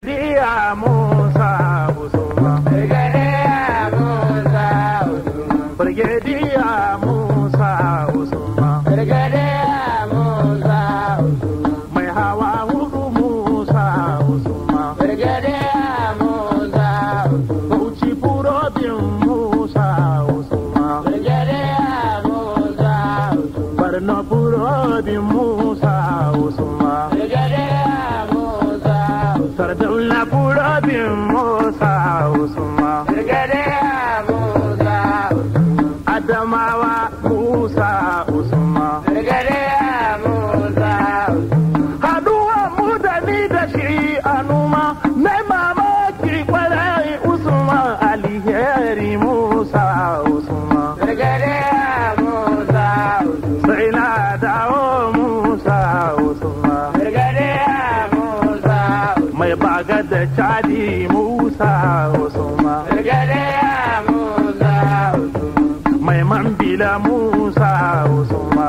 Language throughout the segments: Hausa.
Biya Musa Usuma. Brigadier Musa Usuma. Brigadier Musa Usuma. Mai hawa hudu Musa Usuma. Brigadier Musa Usuma. Musa Usuma. Brigadier Musa Usuma. Barna Musa usuma adamawa musa usuma alhaji musa usuma mai man bila musa usuma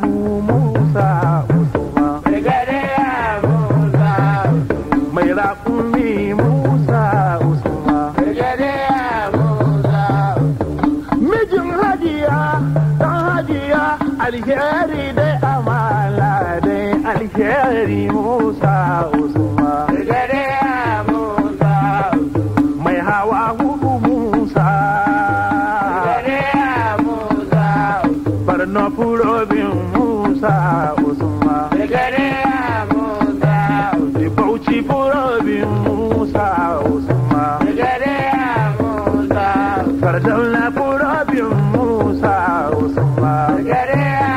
dar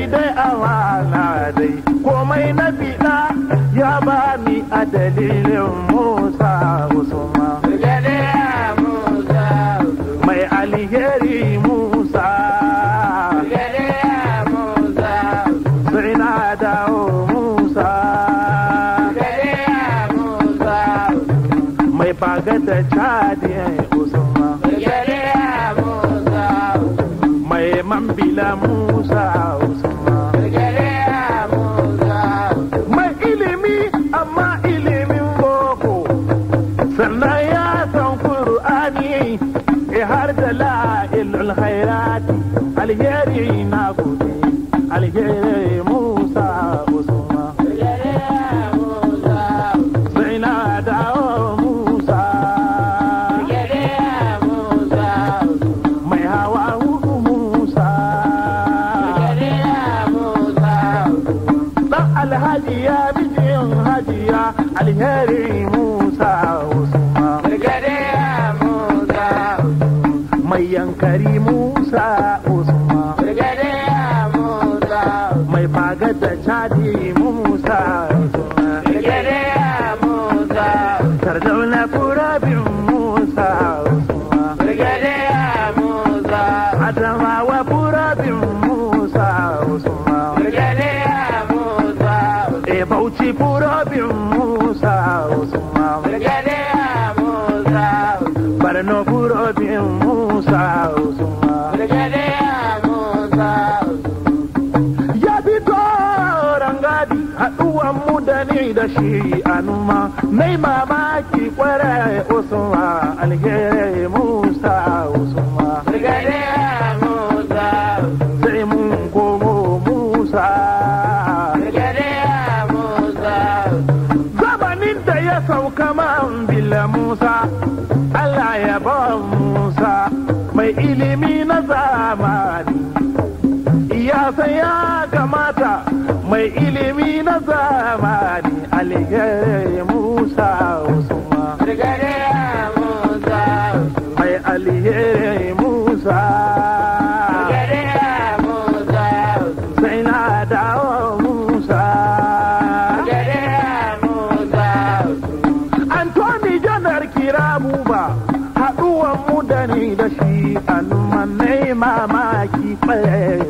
ni dai amana dai komai na fiɗa ya bani a dalilin musa usman mai alheri musa sai na dawo musa mai mai mambila musa usman alheri musa usman sai na dawo musa mai hawa hudu musa dan alhaji ya bijin hajiya alheri musa usman mai yankari musa usman Alhaji Musa Usman. Gere a Musa. Sardauna kurabin Musa Usman. Gere a Musa. Adamawa kurabin Musa Usman. Gere a Musa. E Bauchi kurabin Musa Usman. Gere a Musa. Barno kurabin Musa. da shi a numa mai mamaki kware usuma alheri musa usuma musa da ya sauka man bila musa allah ya ba musa mai ilimi na zamani ya ya kamata mai aligare musa usuma mai aligare musa sai na dawo musa antoni janar kira Buba. ba haɗuwan mu da ni shi a numan mamaki ɓaya eh.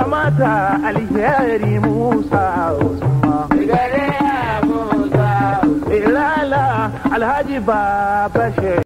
kamata alheri Musa Usman. Gare Musa Ilala Alhaji babashe